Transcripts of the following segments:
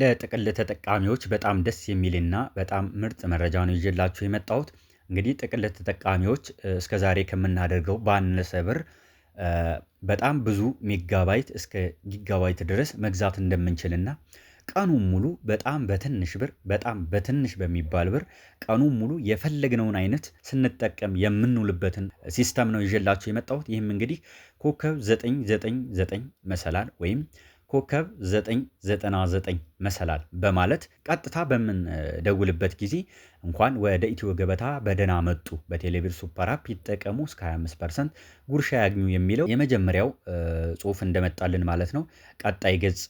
ለጥቅል ተጠቃሚዎች በጣም ደስ የሚልና በጣም ምርጥ መረጃ ነው ይዤላችሁ የመጣሁት። እንግዲህ ጥቅል ተጠቃሚዎች እስከዛሬ ከምናደርገው ባነሰ ብር በጣም ብዙ ሜጋባይት እስከ ጊጋባይት ድረስ መግዛት እንደምንችልና ቀኑን ሙሉ በጣም በትንሽ ብር በጣም በትንሽ በሚባል ብር ቀኑን ሙሉ የፈለግነውን አይነት ስንጠቀም የምንውልበትን ሲስተም ነው ይዤላችሁ የመጣሁት። ይህም እንግዲህ ኮከብ 999 መሰላል ወይም ኮከብ 999 መሰላል በማለት ቀጥታ በምንደውልበት ጊዜ እንኳን ወደ ኢትዮ ገበታ በደህና መጡ በቴሌብር ሱፐር አፕ ይጠቀሙ እስከ 25 ፐርሰንት ጉርሻ ያግኙ የሚለው የመጀመሪያው ጽሁፍ እንደመጣልን ማለት ነው። ቀጣይ ገጽ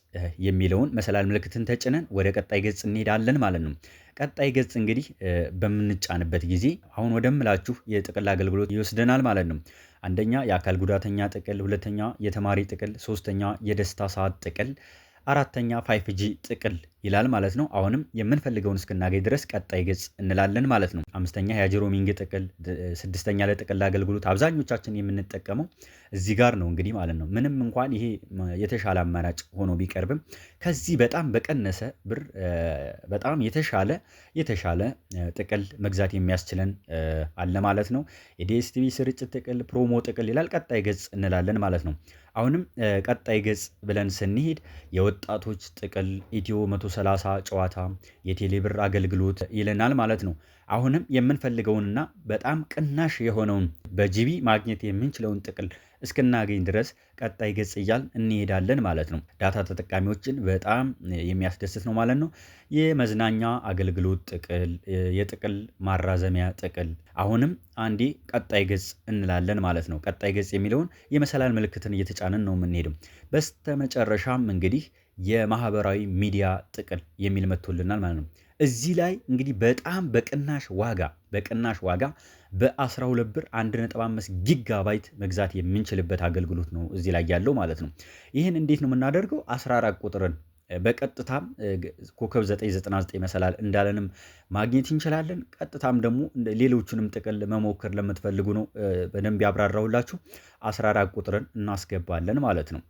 የሚለውን መሰላል ምልክትን ተጭነን ወደ ቀጣይ ገጽ እንሄዳለን ማለት ነው። ቀጣይ ገጽ እንግዲህ በምንጫንበት ጊዜ አሁን ወደምላችሁ የጥቅል አገልግሎት ይወስደናል ማለት ነው። አንደኛ የአካል ጉዳተኛ ጥቅል፣ ሁለተኛ የተማሪ ጥቅል፣ ሶስተኛ የደስታ ሰዓት ጥቅል፣ አራተኛ ፋይፍ ጂ ጥቅል ይላል ማለት ነው። አሁንም የምንፈልገውን እስክናገኝ ድረስ ቀጣይ ገጽ እንላለን ማለት ነው። አምስተኛ የአጅሮሚንግ ጥቅል፣ ስድስተኛ ለጥቅል አገልግሎት አብዛኞቻችን የምንጠቀመው እዚህ ጋር ነው እንግዲህ ማለት ነው። ምንም እንኳን ይሄ የተሻለ አማራጭ ሆኖ ቢቀርብም ከዚህ በጣም በቀነሰ ብር በጣም የተሻለ የተሻለ ጥቅል መግዛት የሚያስችለን አለ ማለት ነው። የዲኤስቲቪ ስርጭት ጥቅል፣ ፕሮሞ ጥቅል ይላል። ቀጣይ ገጽ እንላለን ማለት ነው። አሁንም ቀጣይ ገጽ ብለን ስንሄድ የወጣቶች ጥቅል ኢትዮ መቶ 30 ጨዋታ የቴሌብር አገልግሎት ይለናል ማለት ነው። አሁንም የምንፈልገውንና በጣም ቅናሽ የሆነውን በጂቢ ማግኘት የምንችለውን ጥቅል እስክናገኝ ድረስ ቀጣይ ገጽ እያል እንሄዳለን ማለት ነው። ዳታ ተጠቃሚዎችን በጣም የሚያስደስት ነው ማለት ነው። የመዝናኛ አገልግሎት ጥቅል፣ የጥቅል ማራዘሚያ ጥቅል፣ አሁንም አንዴ ቀጣይ ገጽ እንላለን ማለት ነው። ቀጣይ ገጽ የሚለውን የመሰላል ምልክትን እየተጫንን ነው የምንሄደው። በስተመጨረሻም እንግዲህ የማህበራዊ ሚዲያ ጥቅል የሚል መጥቶልናል ማለት ነው። እዚህ ላይ እንግዲህ በጣም በቅናሽ ዋጋ በቅናሽ ዋጋ በ12 ብር 1.5 ጊጋባይት መግዛት የምንችልበት አገልግሎት ነው እዚህ ላይ ያለው ማለት ነው። ይህን እንዴት ነው የምናደርገው? 14 ቁጥርን በቀጥታም ኮከብ 999 መሰላል እንዳለንም ማግኘት እንችላለን። ቀጥታም ደግሞ ሌሎቹንም ጥቅል መሞከር ለምትፈልጉ ነው በደንብ ያብራራሁላችሁ። 14 ቁጥርን እናስገባለን ማለት ነው።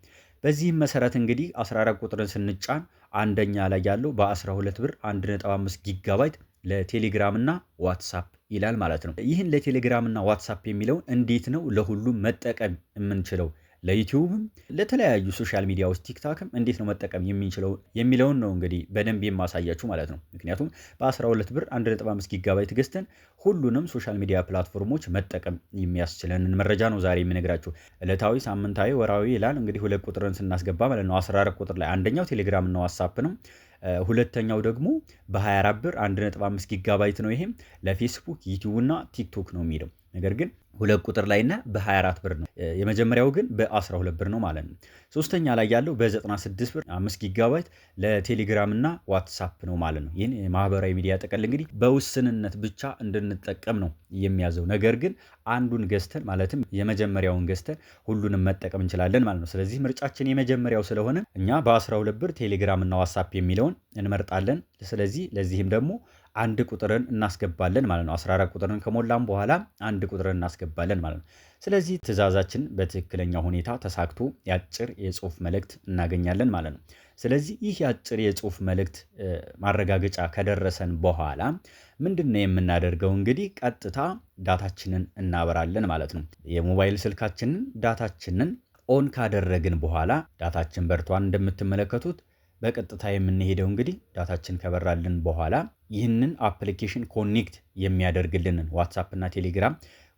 በዚህም መሰረት እንግዲህ 14 ቁጥርን ስንጫን አንደኛ ላይ ያለው በ12 ብር 1.5 ጊጋባይት ለቴሌግራም እና ዋትሳፕ ይላል ማለት ነው። ይህን ለቴሌግራም እና ዋትሳፕ የሚለውን እንዴት ነው ለሁሉም መጠቀም የምንችለው ለዩቲዩብም ለተለያዩ ሶሻል ሚዲያዎች ቲክታክም እንዴት ነው መጠቀም የሚችለው የሚለውን ነው እንግዲህ በደንብ የማሳያችሁ ማለት ነው። ምክንያቱም በ12 ብር 1.5 ጊጋባይት ገዝተን ሁሉንም ሶሻል ሚዲያ ፕላትፎርሞች መጠቀም የሚያስችለንን መረጃ ነው ዛሬ የምነግራችሁ። ዕለታዊ፣ ሳምንታዊ፣ ወራዊ ይላል እንግዲህ ሁለት ቁጥርን ስናስገባ ማለት ነው 14 ቁጥር ላይ አንደኛው ቴሌግራም እና ዋትሳፕ ነው። ሁለተኛው ደግሞ በ24 ብር 1.5 ጊጋባይት ነው። ይሄም ለፌስቡክ ዩቲዩብ እና ቲክቶክ ነው የሚለው ነገር ግን ሁለት ቁጥር ላይ እና በ24 ብር ነው። የመጀመሪያው ግን በ12 ብር ነው ማለት ነው። ሶስተኛ ላይ ያለው በ96 ብር 5 ጊጋባይት ለቴሌግራም እና ዋትሳፕ ነው ማለት ነው። ይህን የማህበራዊ ሚዲያ ጥቅል እንግዲህ በውስንነት ብቻ እንድንጠቀም ነው የሚያዘው። ነገር ግን አንዱን ገዝተን ማለትም የመጀመሪያውን ገዝተን ሁሉንም መጠቀም እንችላለን ማለት ነው። ስለዚህ ምርጫችን የመጀመሪያው ስለሆነ እኛ በ12 ብር ቴሌግራም እና ዋትሳፕ የሚለውን እንመርጣለን። ስለዚህ ለዚህም ደግሞ አንድ ቁጥርን እናስገባለን ማለት ነው። 14 ቁጥርን ከሞላም በኋላ አንድ ቁጥርን እናስገባለን ማለት ነው። ስለዚህ ትዕዛዛችን በትክክለኛ ሁኔታ ተሳክቶ የአጭር የጽሁፍ መልእክት እናገኛለን ማለት ነው። ስለዚህ ይህ የአጭር የጽሁፍ መልእክት ማረጋገጫ ከደረሰን በኋላ ምንድን ነው የምናደርገው? እንግዲህ ቀጥታ ዳታችንን እናበራለን ማለት ነው። የሞባይል ስልካችንን ዳታችንን ኦን ካደረግን በኋላ ዳታችን በርቷን እንደምትመለከቱት በቀጥታ የምንሄደው እንግዲህ ዳታችን ከበራልን በኋላ ይህንን አፕሊኬሽን ኮኔክት የሚያደርግልንን ዋትሳፕ እና ቴሌግራም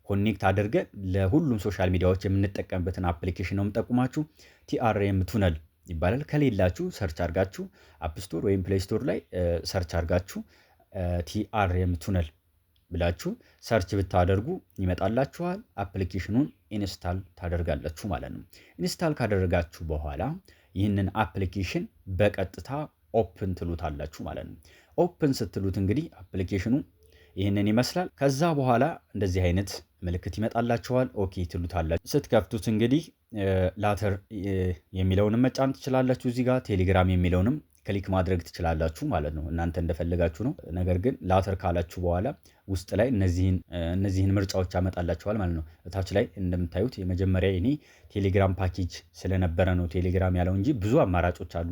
ኮኔክት አድርገ ለሁሉም ሶሻል ሚዲያዎች የምንጠቀምበትን አፕሊኬሽን ነው የምጠቁማችሁ። ቲአርኤም ቱነል ይባላል። ከሌላችሁ ሰርች አርጋችሁ አፕስቶር ወይም ፕሌይ ስቶር ላይ ሰርች አርጋችሁ ቲአርኤም ቱነል ብላችሁ ሰርች ብታደርጉ ይመጣላችኋል። አፕሊኬሽኑን ኢንስታል ታደርጋላችሁ ማለት ነው። ኢንስታል ካደረጋችሁ በኋላ ይህንን አፕሊኬሽን በቀጥታ ኦፕን ትሉታላችሁ ማለት ነው። ኦፕን ስትሉት እንግዲህ አፕሊኬሽኑ ይህንን ይመስላል። ከዛ በኋላ እንደዚህ አይነት ምልክት ይመጣላችኋል። ኦኬ ትሉታላችሁ። ስትከፍቱት እንግዲህ ላተር የሚለውንም መጫን ትችላላችሁ። እዚህ ጋር ቴሌግራም የሚለውንም ክሊክ ማድረግ ትችላላችሁ ማለት ነው። እናንተ እንደፈለጋችሁ ነው። ነገር ግን ላተር ካላችሁ በኋላ ውስጥ ላይ እነዚህን ምርጫዎች ያመጣላችኋል ማለት ነው። እታች ላይ እንደምታዩት የመጀመሪያ እኔ ቴሌግራም ፓኬጅ ስለነበረ ነው ቴሌግራም ያለው እንጂ ብዙ አማራጮች አሉ።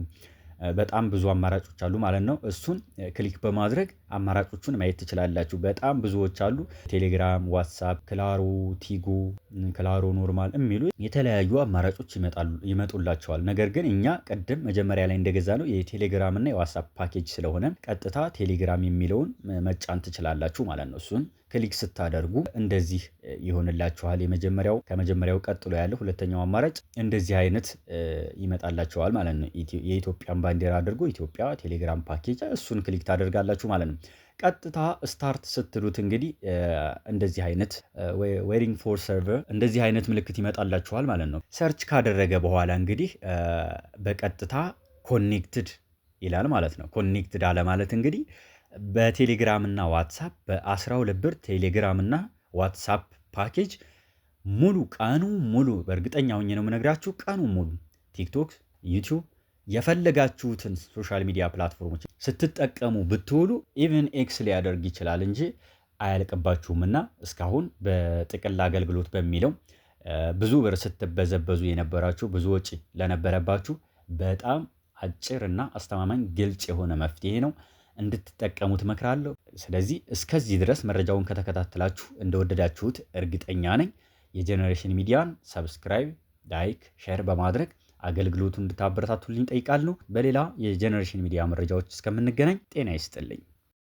በጣም ብዙ አማራጮች አሉ ማለት ነው። እሱን ክሊክ በማድረግ አማራጮቹን ማየት ትችላላችሁ። በጣም ብዙዎች አሉ። ቴሌግራም፣ ዋትሳፕ፣ ክላሮ፣ ቲጎ፣ ክላሮ ኖርማል የሚሉ የተለያዩ አማራጮች ይመጡላቸዋል። ነገር ግን እኛ ቅድም መጀመሪያ ላይ እንደገዛ ነው የቴሌግራም እና የዋትሳፕ ፓኬጅ ስለሆነ ቀጥታ ቴሌግራም የሚለውን መጫን ትችላላችሁ ማለት ነው እሱን ክሊክ ስታደርጉ እንደዚህ ይሆንላችኋል። የመጀመሪያው ከመጀመሪያው ቀጥሎ ያለ ሁለተኛው አማራጭ እንደዚህ አይነት ይመጣላችኋል ማለት ነው። የኢትዮጵያን ባንዲራ አድርጎ ኢትዮጵያ ቴሌግራም ፓኬጅ፣ እሱን ክሊክ ታደርጋላችሁ ማለት ነው። ቀጥታ ስታርት ስትሉት እንግዲህ እንደዚህ አይነት ዌሪንግ ፎር ሰርቨር እንደዚህ አይነት ምልክት ይመጣላችኋል ማለት ነው። ሰርች ካደረገ በኋላ እንግዲህ በቀጥታ ኮኔክትድ ይላል ማለት ነው። ኮኔክትድ አለማለት እንግዲህ በቴሌግራምና ዋትሳፕ በ12 ብር ቴሌግራምና ዋትሳፕ ፓኬጅ ሙሉ ቀኑ ሙሉ በእርግጠኛ ሆኜ ነው የምነግራችሁ። ቀኑ ሙሉ ቲክቶክ፣ ዩቲዩብ የፈለጋችሁትን ሶሻል ሚዲያ ፕላትፎርሞች ስትጠቀሙ ብትውሉ ኢቨን ኤክስ ሊያደርግ ይችላል እንጂ አያልቅባችሁም እና እስካሁን በጥቅል አገልግሎት በሚለው ብዙ ብር ስትበዘበዙ የነበራችሁ ብዙ ወጪ ለነበረባችሁ በጣም አጭር እና አስተማማኝ ግልጽ የሆነ መፍትሄ ነው። እንድትጠቀሙት ትመክራለሁ። ስለዚህ እስከዚህ ድረስ መረጃውን ከተከታተላችሁ እንደወደዳችሁት እርግጠኛ ነኝ። የጀኔሬሽን ሚዲያን ሰብስክራይብ፣ ላይክ፣ ሼር በማድረግ አገልግሎቱን እንድታበረታቱልኝ ጠይቃለሁ። በሌላ የጀኔሬሽን ሚዲያ መረጃዎች እስከምንገናኝ ጤና ይስጥልኝ።